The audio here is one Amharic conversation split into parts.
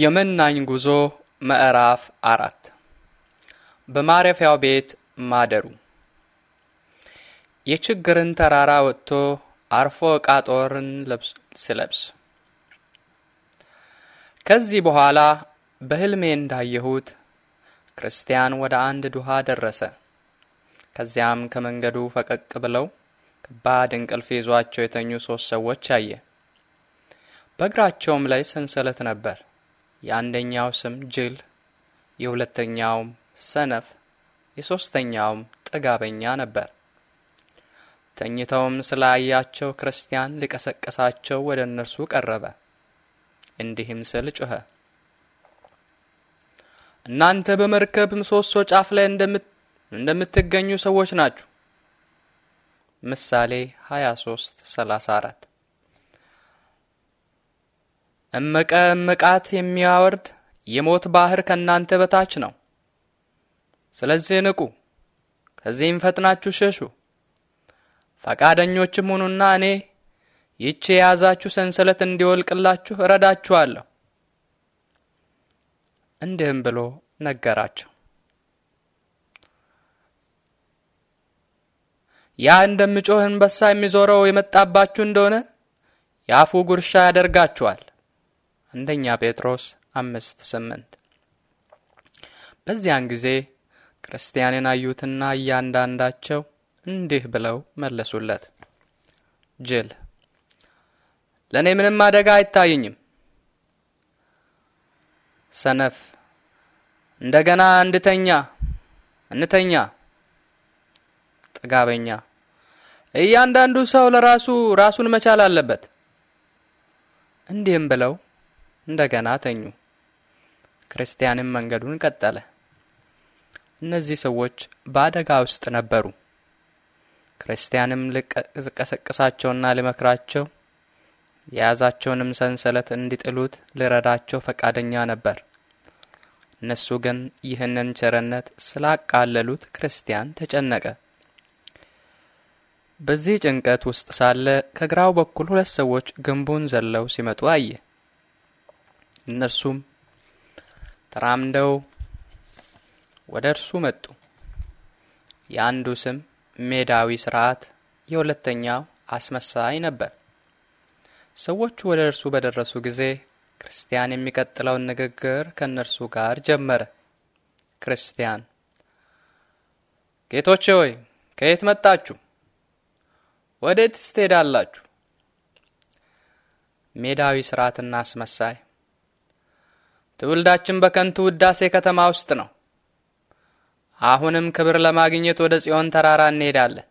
የመናኝ ጉዞ ምዕራፍ አራት በማረፊያው ቤት ማደሩ የችግርን ተራራ ወጥቶ አርፎ ዕቃ ጦርን ስለብስ ከዚህ በኋላ በሕልሜ እንዳየሁት ክርስቲያን ወደ አንድ ዱሃ ደረሰ። ከዚያም ከመንገዱ ፈቀቅ ብለው ከባድ እንቅልፍ ይዟቸው የተኙ ሦስት ሰዎች አየ። በእግራቸውም ላይ ሰንሰለት ነበር። የአንደኛው ስም ጅል፣ የሁለተኛውም ሰነፍ፣ የሦስተኛውም ጥጋበኛ ነበር። ተኝተውም ስላያቸው ክርስቲያን ሊቀሰቀሳቸው ወደ እነርሱ ቀረበ። እንዲህም ስል ጩኸ! እናንተ በመርከብ ምሰሶ ጫፍ ላይ እንደምትገኙ ሰዎች ናችሁ። ምሳሌ 23 34 እምቀ እምቃት የሚያወርድ የሞት ባህር ከእናንተ በታች ነው። ስለዚህ ንቁ፣ ከዚህም ፈጥናችሁ ሸሹ። ፈቃደኞችም ሁኑና እኔ ይቺ የያዛችሁ ሰንሰለት እንዲወልቅላችሁ እረዳችኋለሁ። እንዲህም ብሎ ነገራቸው። ያ እንደሚጮህ አንበሳ የሚዞረው የመጣባችሁ እንደሆነ የአፉ ጉርሻ ያደርጋችኋል። አንደኛ ጴጥሮስ አምስት ስምንት በዚያን ጊዜ ክርስቲያንን አዩትና እያንዳንዳቸው እንዲህ ብለው መለሱለት፣ ጅል ለእኔ ምንም አደጋ አይታየኝም። ሰነፍ እንደገና እንድተኛ እንተኛ። ጥጋበኛ እያንዳንዱ ሰው ለራሱ ራሱን መቻል አለበት። እንዲህም ብለው እንደገና ተኙ። ክርስቲያንም መንገዱን ቀጠለ። እነዚህ ሰዎች በአደጋ ውስጥ ነበሩ። ክርስቲያንም ልቀሰቅሳቸውና ልመክራቸው የያዛቸውንም ሰንሰለት እንዲጥሉት ልረዳቸው ፈቃደኛ ነበር። እነሱ ግን ይህንን ቸርነት ስላቃለሉት ክርስቲያን ተጨነቀ። በዚህ ጭንቀት ውስጥ ሳለ ከግራው በኩል ሁለት ሰዎች ግንቡን ዘለው ሲመጡ አየ። እነርሱም ተራምደው ወደ እርሱ መጡ። የአንዱ ስም ሜዳዊ ስርዓት፣ የሁለተኛው አስመሳይ ነበር። ሰዎቹ ወደ እርሱ በደረሱ ጊዜ ክርስቲያን የሚቀጥለውን ንግግር ከእነርሱ ጋር ጀመረ። ክርስቲያን ጌቶቼ ሆይ ከየት መጣችሁ? ወዴትስ ትሄዳላችሁ? ሜዳዊ ስርዓትና አስመሳይ ትውልዳችን በከንቱ ውዳሴ ከተማ ውስጥ ነው። አሁንም ክብር ለማግኘት ወደ ጽዮን ተራራ እንሄዳለን።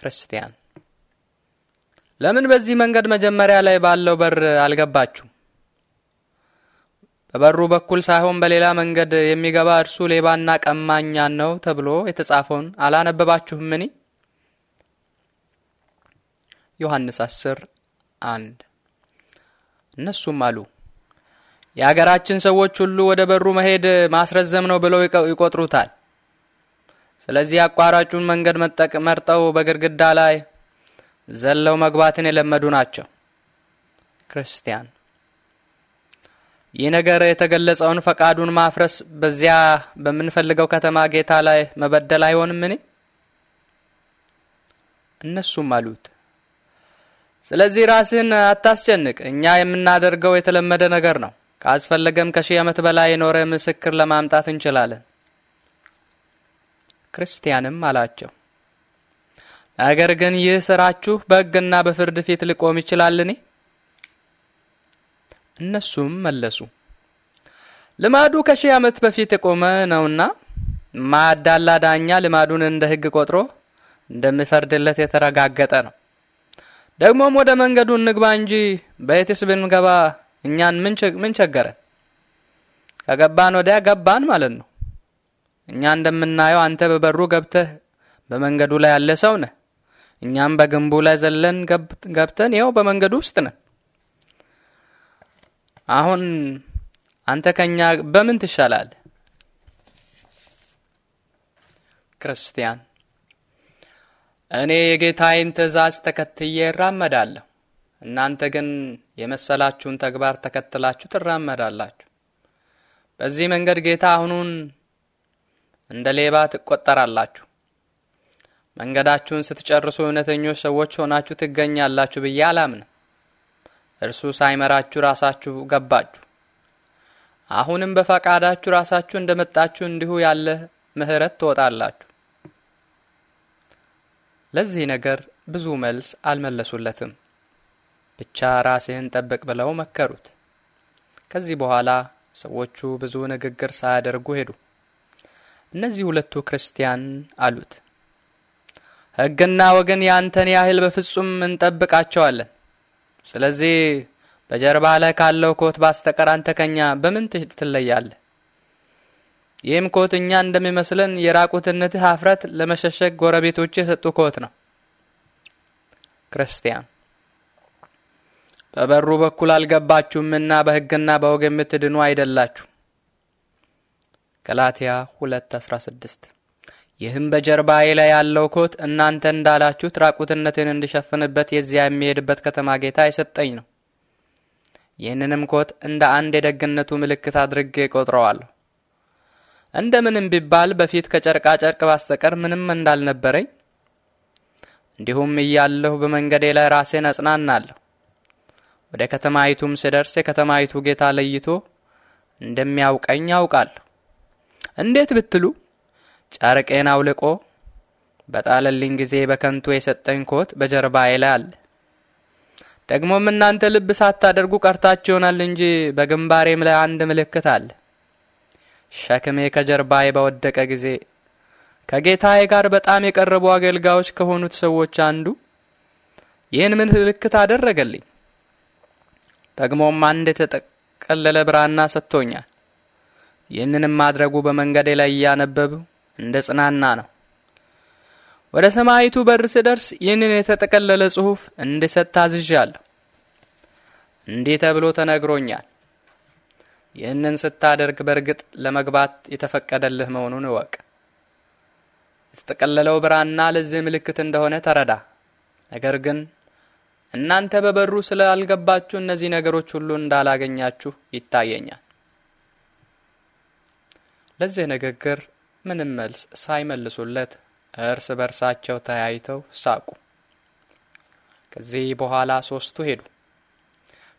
ክርስቲያን ለምን በዚህ መንገድ መጀመሪያ ላይ ባለው በር አልገባችሁም? በበሩ በኩል ሳይሆን በሌላ መንገድ የሚገባ እርሱ ሌባና ቀማኛ ነው ተብሎ የተጻፈውን አላነበባችሁም? እኔ ዮሐንስ 10 አንድ እነሱም አሉ የአገራችን ሰዎች ሁሉ ወደ በሩ መሄድ ማስረዘም ነው ብለው ይቆጥሩታል። ስለዚህ አቋራጩን መንገድ መጠቅ መርጠው በግድግዳ ላይ ዘለው መግባትን የለመዱ ናቸው። ክርስቲያን ይህ ነገር የተገለጸውን ፈቃዱን ማፍረስ በዚያ በምንፈልገው ከተማ ጌታ ላይ መበደል አይሆንም? ኔ እነሱም አሉት፣ ስለዚህ ራስህን አታስጨንቅ፣ እኛ የምናደርገው የተለመደ ነገር ነው። ካስፈለገም ከሺህ ዓመት በላይ የኖረ ምስክር ለማምጣት እንችላለን። ክርስቲያንም አላቸው፣ ነገር ግን ይህ ስራችሁ በሕግና በፍርድ ፊት ሊቆም ይችላልን? እነሱም መለሱ፣ ልማዱ ከሺህ ዓመት በፊት የቆመ ነውና ማያዳላ ዳኛ ልማዱን እንደ ሕግ ቆጥሮ እንደሚፈርድለት የተረጋገጠ ነው። ደግሞም ወደ መንገዱ እንግባ እንጂ በየትስ ብንገባ እኛን ምን ቸገረን? ከገባን ወዲያ ገባን ማለት ነው። እኛ እንደምናየው አንተ በበሩ ገብተህ በመንገዱ ላይ ያለ ሰው ነህ። እኛም በግንቡ ላይ ዘለን ገብተን ይኸው በመንገዱ ውስጥ ነን። አሁን አንተ ከኛ በምን ትሻላል? ክርስቲያን እኔ የጌታዬን ትእዛዝ ተከትዬ እራመዳለሁ። እናንተ ግን የመሰላችሁን ተግባር ተከትላችሁ ትራመዳላችሁ። በዚህ መንገድ ጌታ አሁኑን እንደ ሌባ ትቆጠራላችሁ። መንገዳችሁን ስትጨርሱ እውነተኞች ሰዎች ሆናችሁ ትገኛላችሁ ብዬ አላምንም። እርሱ ሳይመራችሁ ራሳችሁ ገባችሁ። አሁንም በፈቃዳችሁ ራሳችሁ እንደመጣችሁ እንዲሁ ያለ ምሕረት ትወጣላችሁ። ለዚህ ነገር ብዙ መልስ አልመለሱለትም። ብቻ ራስህን ጠብቅ ብለው መከሩት። ከዚህ በኋላ ሰዎቹ ብዙ ንግግር ሳያደርጉ ሄዱ። እነዚህ ሁለቱ ክርስቲያን አሉት፣ ሕግና ወግን ያንተን ያህል በፍጹም እንጠብቃቸዋለን። ስለዚህ በጀርባ ላይ ካለው ኮት ባስተቀር አንተ ከኛ በምን ትለያለህ? ይህም ኮት እኛ እንደሚመስለን የራቁትነትህ አፍረት ለመሸሸግ ጎረቤቶች የሰጡ ኮት ነው። ክርስቲያን በበሩ በኩል አልገባችሁምና በሕግና በወግ የምትድኑ አይደላችሁ። ገላትያ 2:16 ይህም በጀርባዬ ላይ ያለው ኮት እናንተ እንዳላችሁት ራቁትነትን እንድሸፍንበት የዚያ የሚሄድበት ከተማ ጌታ የሰጠኝ ነው። ይህንንም ኮት እንደ አንድ የደግነቱ ምልክት አድርጌ ቆጥረዋለሁ። እንደምንም ቢባል በፊት ከጨርቃ ጨርቅ ባስተቀር ምንም እንዳልነበረኝ እንዲሁም እያለሁ በመንገዴ ላይ ራሴን አጽናናለሁ። ወደ ከተማይቱም ስደርስ የከተማይቱ ጌታ ለይቶ እንደሚያውቀኝ ያውቃል እንዴት ብትሉ ጨርቄን አውልቆ በጣለልኝ ጊዜ በከንቱ የሰጠኝ ኮት በጀርባዬ ላይ አለ። ደግሞም እናንተ ልብ ሳታደርጉ ቀርታችሁ ይሆናል እንጂ በግንባሬም ላይ አንድ ምልክት አለ። ሸክሜ ከጀርባዬ በወደቀ ጊዜ ከጌታዬ ጋር በጣም የቀረቡ አገልጋዮች ከሆኑት ሰዎች አንዱ ይህን ምልክት አደረገልኝ። ደግሞም አንድ የተጠቀለለ ብራና ሰጥቶኛል። ይህንንም ማድረጉ በመንገዴ ላይ እያነበብ እንደ ጽናና ነው። ወደ ሰማይቱ በር ስደርስ ይህንን የተጠቀለለ ጽሑፍ እንድሰጥ ታዝዣለሁ። እንዲህ ተብሎ ተነግሮኛል። ይህንን ስታደርግ በእርግጥ ለመግባት የተፈቀደልህ መሆኑን እወቅ። የተጠቀለለው ብራና ለዚህ ምልክት እንደሆነ ተረዳ። ነገር ግን እናንተ በበሩ ስላልገባችሁ እነዚህ ነገሮች ሁሉ እንዳላገኛችሁ ይታየኛል። ለዚህ ንግግር ምንም መልስ ሳይመልሱለት እርስ በርሳቸው ተያይተው ሳቁ። ከዚህ በኋላ ሶስቱ ሄዱ።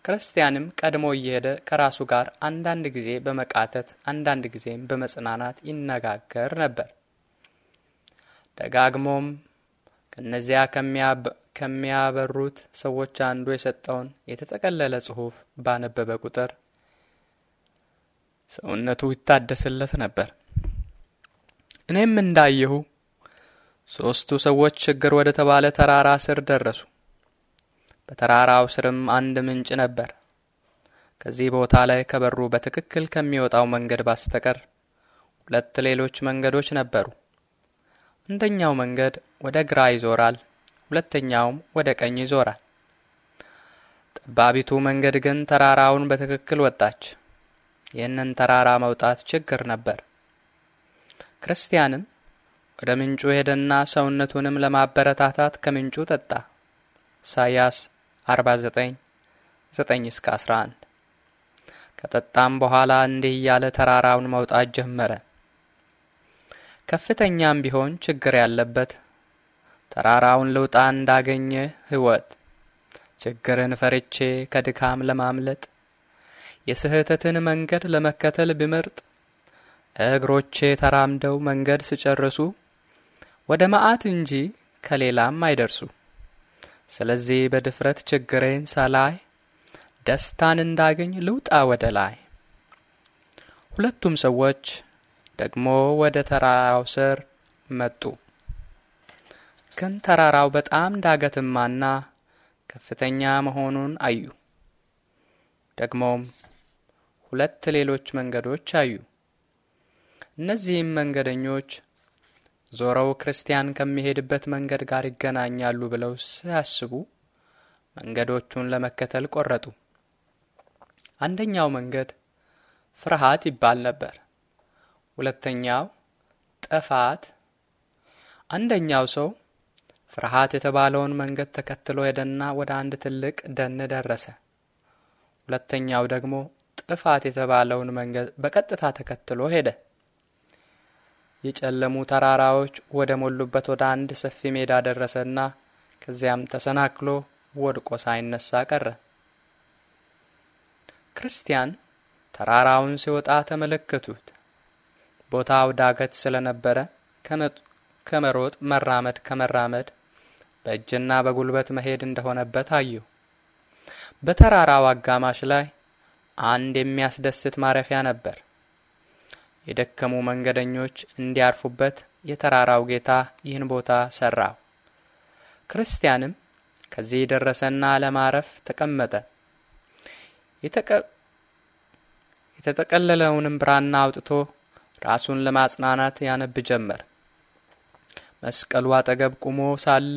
ክርስቲያንም ቀድሞ እየሄደ ከራሱ ጋር አንዳንድ ጊዜ በመቃተት አንዳንድ ጊዜም በመጽናናት ይነጋገር ነበር። ደጋግሞም ከነዚያ ከሚያበሩት ሰዎች አንዱ የሰጠውን የተጠቀለለ ጽሑፍ ባነበበ ቁጥር ሰውነቱ ይታደስለት ነበር። እኔም እንዳየሁ ሦስቱ ሰዎች ችግር ወደ ተባለ ተራራ ስር ደረሱ። በተራራው ስርም አንድ ምንጭ ነበር። ከዚህ ቦታ ላይ ከበሩ በትክክል ከሚወጣው መንገድ ባስተቀር ሁለት ሌሎች መንገዶች ነበሩ። አንደኛው መንገድ ወደ ግራ ይዞራል፣ ሁለተኛውም ወደ ቀኝ ይዞራል። ጠባቢቱ መንገድ ግን ተራራውን በትክክል ወጣች። ይህንን ተራራ መውጣት ችግር ነበር። ክርስቲያንም ወደ ምንጩ ሄደና ሰውነቱንም ለማበረታታት ከምንጩ ጠጣ። ኢሳይያስ 49 9 እስከ 11 ከጠጣም በኋላ እንዲህ እያለ ተራራውን መውጣት ጀመረ። ከፍተኛም ቢሆን ችግር ያለበት ተራራውን ልውጣ እንዳገኘ ሕይወት ችግርን ፈርቼ ከድካም ለማምለጥ የስህተትን መንገድ ለመከተል ብመርጥ እግሮቼ ተራምደው መንገድ ሲጨርሱ ወደ መዓት እንጂ ከሌላም አይደርሱ። ስለዚህ በድፍረት ችግሬን ሰላይ ደስታን እንዳገኝ ልውጣ ወደ ላይ። ሁለቱም ሰዎች ደግሞ ወደ ተራራው ስር መጡ። ግን ተራራው በጣም ዳገትማና ከፍተኛ መሆኑን አዩ። ደግሞም ሁለት ሌሎች መንገዶች አዩ። እነዚህም መንገደኞች ዞረው ክርስቲያን ከሚሄድበት መንገድ ጋር ይገናኛሉ ብለው ሲያስቡ መንገዶቹን ለመከተል ቆረጡ። አንደኛው መንገድ ፍርሃት ይባል ነበር። ሁለተኛው ጥፋት። አንደኛው ሰው ፍርሃት የተባለውን መንገድ ተከትሎ ሄደና ወደ አንድ ትልቅ ደን ደረሰ። ሁለተኛው ደግሞ ጥፋት የተባለውን መንገድ በቀጥታ ተከትሎ ሄደ። የጨለሙ ተራራዎች ወደ ሞሉበት ወደ አንድ ሰፊ ሜዳ ደረሰና ከዚያም ተሰናክሎ ወድቆ ሳይነሳ ቀረ። ክርስቲያን ተራራውን ሲወጣ ተመለከቱት። ቦታው ዳገት ስለነበረ ከመሮጥ መራመድ ከመራመድ በእጅና በጉልበት መሄድ እንደሆነበት አዩ። በተራራው አጋማሽ ላይ አንድ የሚያስደስት ማረፊያ ነበር። የደከሙ መንገደኞች እንዲያርፉበት የተራራው ጌታ ይህን ቦታ ሰራው። ክርስቲያንም ከዚህ ደረሰና ለማረፍ ተቀመጠ። የተጠቀለለውንም ብራና አውጥቶ ራሱን ለማጽናናት ያነብ ጀመር። መስቀሉ አጠገብ ቆሞ ሳለ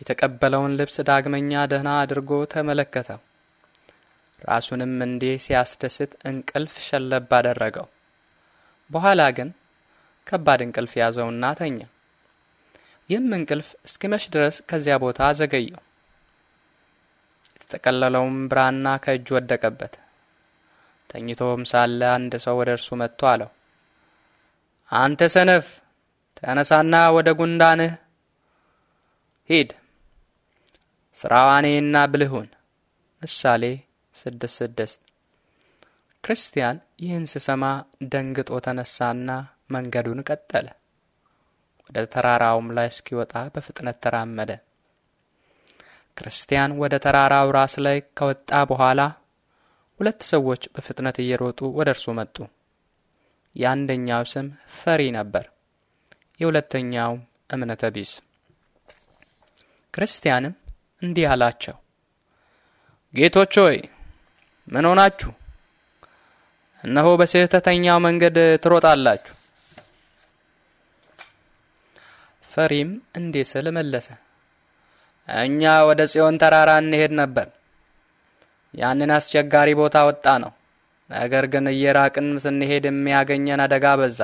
የተቀበለውን ልብስ ዳግመኛ ደህና አድርጎ ተመለከተው። ራሱንም እንዲህ ሲያስደስት እንቅልፍ ሸለብ አደረገው። በኋላ ግን ከባድ እንቅልፍ ያዘውና ተኛ። ይህም እንቅልፍ እስኪመሽ ድረስ ከዚያ ቦታ ዘገየው። የተጠቀለለውም ብራና ከእጅ ወደቀበት። ተኝቶም ሳለ አንድ ሰው ወደ እርሱ መጥቶ አለው፣ አንተ ሰነፍ ተነሳና ወደ ጉንዳንህ ሂድ ስራዋኔና ብልሁን ምሳሌ ስድስት ስድስት ክርስቲያን ይህን ስሰማ ደንግጦ ተነሳና መንገዱን ቀጠለ። ወደ ተራራውም ላይ እስኪወጣ በፍጥነት ተራመደ። ክርስቲያን ወደ ተራራው ራስ ላይ ከወጣ በኋላ ሁለት ሰዎች በፍጥነት እየሮጡ ወደ እርሱ መጡ። የአንደኛው ስም ፈሪ ነበር፣ የሁለተኛውም እምነተ ቢስ። ክርስቲያንም እንዲህ አላቸው፣ ጌቶች ሆይ ምን ሆናችሁ? እነሆ በስህተተኛው መንገድ ትሮጣላችሁ። ፈሪም እንዲህ ስል መለሰ፣ እኛ ወደ ጽዮን ተራራ እንሄድ ነበር፣ ያንን አስቸጋሪ ቦታ ወጣ ነው። ነገር ግን እየራቅን ስንሄድ የሚያገኘን አደጋ በዛ።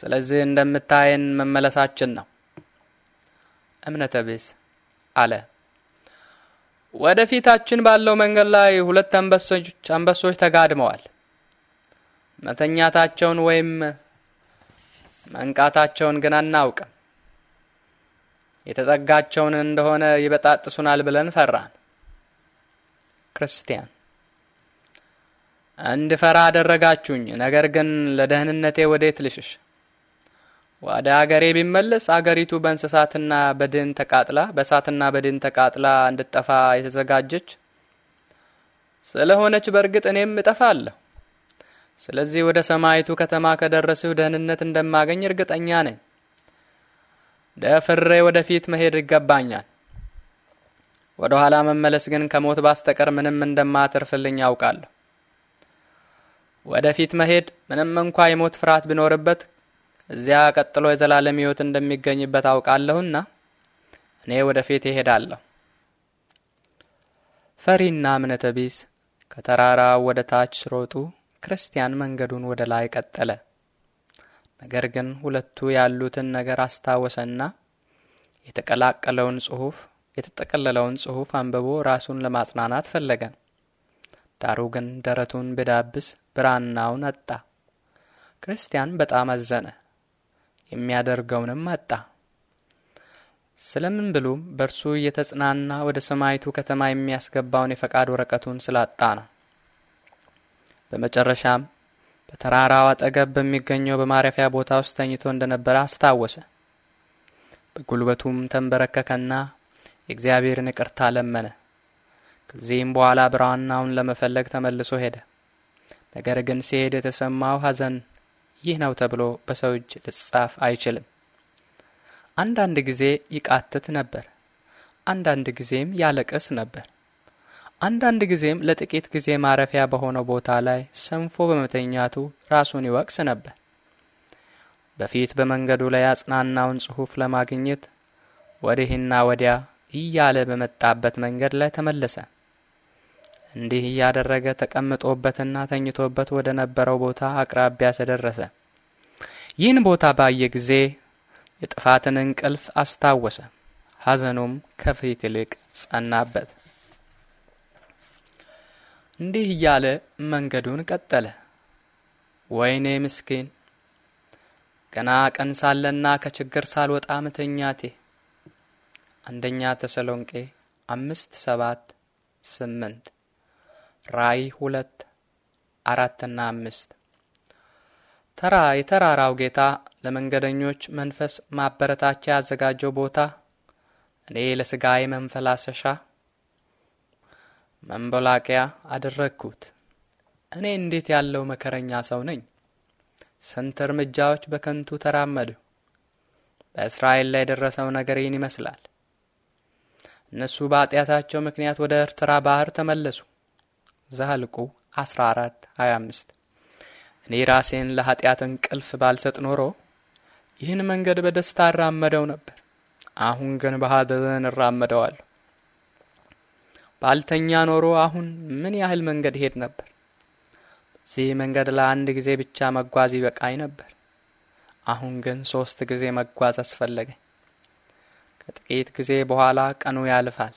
ስለዚህ እንደምታየን መመለሳችን ነው። እምነተ ቢስ አለ። ወደፊታችን ባለው መንገድ ላይ ሁለት አንበሶች አንበሶች ተጋድመዋል። መተኛታቸውን ወይም መንቃታቸውን ግን አናውቅም። የተጠጋቸውን እንደሆነ ይበጣጥሱናል ብለን ፈራን። ክርስቲያን እንድፈራ አደረጋችሁኝ። ነገር ግን ለደህንነቴ ወዴት ልሽሽ? ወደ አገሬ ቢመለስ አገሪቱ በእንስሳትና በድን ተቃጥላ በእሳትና በድን ተቃጥላ እንድጠፋ የተዘጋጀች ስለሆነች በእርግጥ እኔም እጠፋለሁ። ስለዚህ ወደ ሰማይቱ ከተማ ከደረስሁ ደህንነት እንደማገኝ እርግጠኛ ነኝ። ደፍሬ ወደፊት መሄድ ይገባኛል። ወደ ኋላ መመለስ ግን ከሞት ባስተቀር ምንም እንደማትርፍልኝ ያውቃለሁ። ወደፊት መሄድ ምንም እንኳ የሞት ፍርሃት ቢኖርበት እዚያ ቀጥሎ የዘላለም ሕይወት እንደሚገኝበት አውቃለሁና እኔ ወደፊት ይሄዳለሁ። ፈሪና እምነተ ቢስ ከተራራው ወደ ታች ሮጡ። ክርስቲያን መንገዱን ወደ ላይ ቀጠለ። ነገር ግን ሁለቱ ያሉትን ነገር አስታወሰና የተቀላቀለውን ጽሑፍ የተጠቀለለውን ጽሑፍ አንብቦ ራሱን ለማጽናናት ፈለገ። ዳሩ ግን ደረቱን ቢዳብስ ብራናውን አጣ። ክርስቲያን በጣም አዘነ። የሚያደርገውንም አጣ። ስለምን ብሎም በእርሱ እየተጽናና ወደ ሰማይቱ ከተማ የሚያስገባውን የፈቃድ ወረቀቱን ስላጣ ነው። በመጨረሻም በተራራው አጠገብ በሚገኘው በማረፊያ ቦታ ውስጥ ተኝቶ እንደነበረ አስታወሰ። በጉልበቱም ተንበረከከና የእግዚአብሔርን ይቅርታ ለመነ። ከዚህም በኋላ ብራናውን ለመፈለግ ተመልሶ ሄደ። ነገር ግን ሲሄድ የተሰማው ሐዘን ይህ ነው ተብሎ በሰው እጅ ልጻፍ አይችልም። አንዳንድ ጊዜ ይቃትት ነበር፣ አንዳንድ ጊዜም ያለቅስ ነበር። አንዳንድ ጊዜም ለጥቂት ጊዜ ማረፊያ በሆነው ቦታ ላይ ሰንፎ በመተኛቱ ራሱን ይወቅስ ነበር። በፊት በመንገዱ ላይ አጽናናውን ጽሑፍ ለማግኘት ወዲህና ወዲያ እያለ በመጣበት መንገድ ላይ ተመለሰ። እንዲህ እያደረገ ተቀምጦበትና ተኝቶበት ወደ ነበረው ቦታ አቅራቢያ ሰደረሰ! ይህን ቦታ ባየ ጊዜ የጥፋትን እንቅልፍ አስታወሰ። ሐዘኑም ከፊት ይልቅ ጸናበት። እንዲህ እያለ መንገዱን ቀጠለ። ወይኔ ምስኪን ገና ቀን ሳለና ከችግር ሳልወጣ ምተኛቴ። አንደኛ ተሰሎንቄ አምስት ሰባት ስምንት ራይ ሁለት አራትና አምስት ተራ የተራራው ጌታ ለመንገደኞች መንፈስ ማበረታቻ ያዘጋጀው ቦታ እኔ ለስጋዬ መንፈላሰሻ መንበላቂያ አደረግኩት። እኔ እንዴት ያለው መከረኛ ሰው ነኝ! ስንት እርምጃዎች በከንቱ ተራመድሁ። በእስራኤል ላይ የደረሰው ነገር ይህን ይመስላል። እነሱ በኃጢአታቸው ምክንያት ወደ ኤርትራ ባህር ተመለሱ። ዘኍልቍ 14 25 እኔ ራሴን ለኃጢአት እንቅልፍ ባልሰጥ ኖሮ ይህን መንገድ በደስታ እራመደው ነበር። አሁን ግን በሐዘን እራመደዋለሁ። ባልተኛ ኖሮ አሁን ምን ያህል መንገድ ሄድ ነበር። በዚህ መንገድ ለአንድ ጊዜ ብቻ መጓዝ ይበቃኝ ነበር። አሁን ግን ሶስት ጊዜ መጓዝ አስፈለገኝ። ከጥቂት ጊዜ በኋላ ቀኑ ያልፋል፣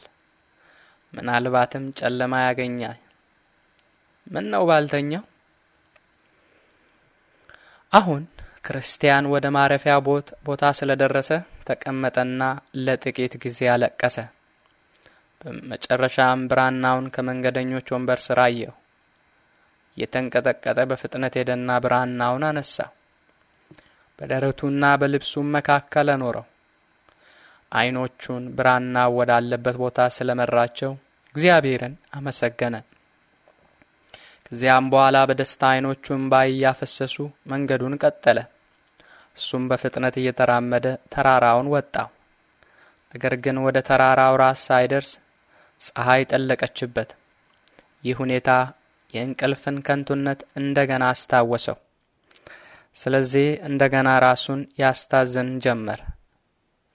ምናልባትም ጨለማ ያገኛል። ምን ነው ባልተኛው? አሁን ክርስቲያን ወደ ማረፊያ ቦታ ስለደረሰ ተቀመጠና ለጥቂት ጊዜ አለቀሰ። በመጨረሻም ብራናውን ከመንገደኞች ወንበር ስር አየው። የተንቀጠቀጠ በፍጥነት ሄደና ብራናውን አነሳ። በደረቱና በልብሱም መካከል አኖረው። አይኖቹን ብራናው ወዳለበት ቦታ ስለመራቸው እግዚአብሔርን አመሰገነ። ከዚያም በኋላ በደስታ አይኖቹ እንባ እያፈሰሱ መንገዱን ቀጠለ። እሱም በፍጥነት እየተራመደ ተራራውን ወጣው። ነገር ግን ወደ ተራራው ራስ ሳይደርስ ፀሐይ ጠለቀችበት። ይህ ሁኔታ የእንቅልፍን ከንቱነት እንደገና አስታወሰው። ስለዚህ እንደገና ራሱን ያስታዝን ጀመር።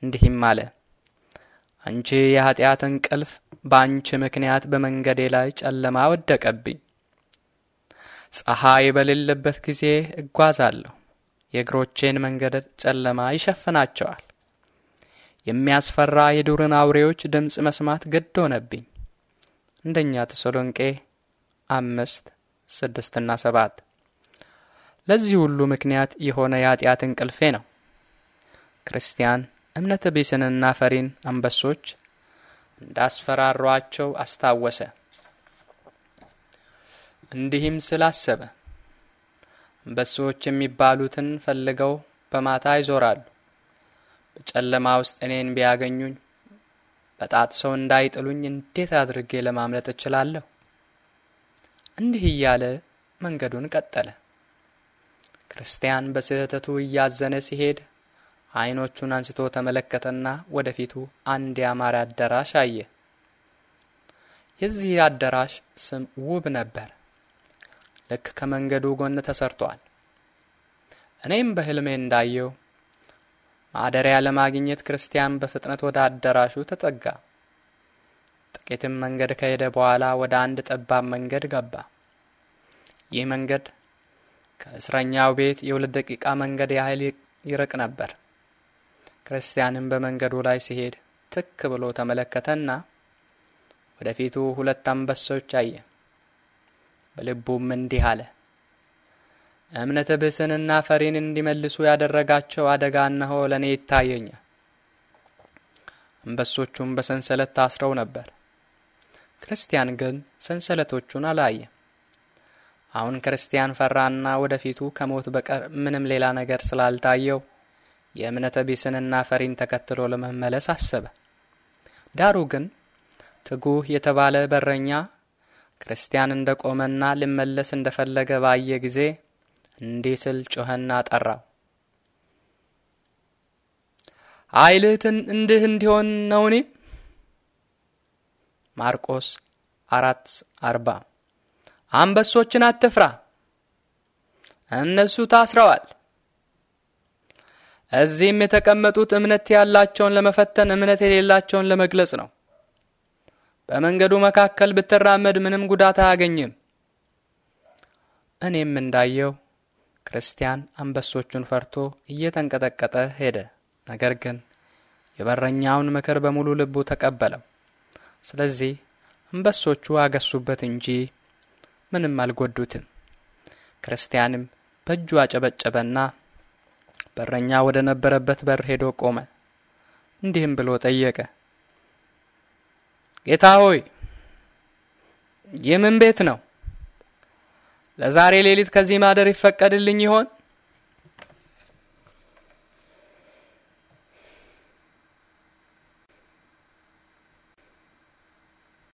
እንዲህም አለ፣ አንቺ የኃጢአት እንቅልፍ በአንቺ ምክንያት በመንገዴ ላይ ጨለማ ወደቀብኝ። ፀሐይ በሌለበት ጊዜ እጓዛለሁ። የእግሮቼን መንገድ ጨለማ ይሸፍናቸዋል። የሚያስፈራ የዱርን አውሬዎች ድምፅ መስማት ግድ ሆነብኝ። አንደኛ ተሰሎንቄ አምስት ስድስትና ሰባት ለዚህ ሁሉ ምክንያት የሆነ የኃጢአት እንቅልፌ ነው። ክርስቲያን እምነት ቢስንና ፈሪን አንበሶች እንዳስፈራሯቸው አስታወሰ። እንዲህም ስላሰበ አንበሶች የሚባሉትን ፈልገው በማታ ይዞራሉ። በጨለማ ውስጥ እኔን ቢያገኙኝ በጣት ሰው እንዳይጥሉኝ እንዴት አድርጌ ለማምለጥ እችላለሁ? እንዲህ እያለ መንገዱን ቀጠለ። ክርስቲያን በስህተቱ እያዘነ ሲሄድ ዓይኖቹን አንስቶ ተመለከተና ወደፊቱ አንድ ያማረ አዳራሽ አየ። የዚህ አዳራሽ ስም ውብ ነበር። ልክ ከመንገዱ ጎን ተሰርቷል። እኔም በህልሜ እንዳየው ማደሪያ ለማግኘት ክርስቲያን በፍጥነት ወደ አዳራሹ ተጠጋ። ጥቂትም መንገድ ከሄደ በኋላ ወደ አንድ ጠባብ መንገድ ገባ። ይህ መንገድ ከእስረኛው ቤት የሁለት ደቂቃ መንገድ ያህል ይርቅ ነበር። ክርስቲያንም በመንገዱ ላይ ሲሄድ ትክ ብሎ ተመለከተና ወደፊቱ ሁለት አንበሶች አየ። በልቡም እንዲህ አለ፣ እምነተ ብስንና ፈሪን እንዲመልሱ ያደረጋቸው አደጋ እነሆ ለእኔ ይታየኛል። አንበሶቹም በሰንሰለት ታስረው ነበር። ክርስቲያን ግን ሰንሰለቶቹን አላየም። አሁን ክርስቲያን ፈራና ወደፊቱ ከሞት በቀር ምንም ሌላ ነገር ስላልታየው የእምነተ ቢስንና ፈሪን ተከትሎ ለመመለስ አሰበ። ዳሩ ግን ትጉህ የተባለ በረኛ ክርስቲያን እንደ ቆመና ልመለስ እንደ ፈለገ ባየ ጊዜ እንዲህ ስል ጮኸና ጠራው። አይልህትን እንድህ እንዲሆን ነውኒ? ማርቆስ አራት አርባ አንበሶችን አትፍራ፣ እነሱ ታስረዋል። እዚህም የተቀመጡት እምነት ያላቸውን ለመፈተን እምነት የሌላቸውን ለመግለጽ ነው። በመንገዱ መካከል ብትራመድ ምንም ጉዳት አያገኝም። እኔም እንዳየው ክርስቲያን አንበሶቹን ፈርቶ እየተንቀጠቀጠ ሄደ። ነገር ግን የበረኛውን ምክር በሙሉ ልቡ ተቀበለው። ስለዚህ አንበሶቹ አገሱበት እንጂ ምንም አልጎዱትም። ክርስቲያንም በእጁ አጨበጨበና በረኛ ወደ ነበረበት በር ሄዶ ቆመ። እንዲህም ብሎ ጠየቀ። ጌታ ሆይ ይህ ምን ቤት ነው? ለዛሬ ሌሊት ከዚህ ማደር ይፈቀድልኝ ይሆን?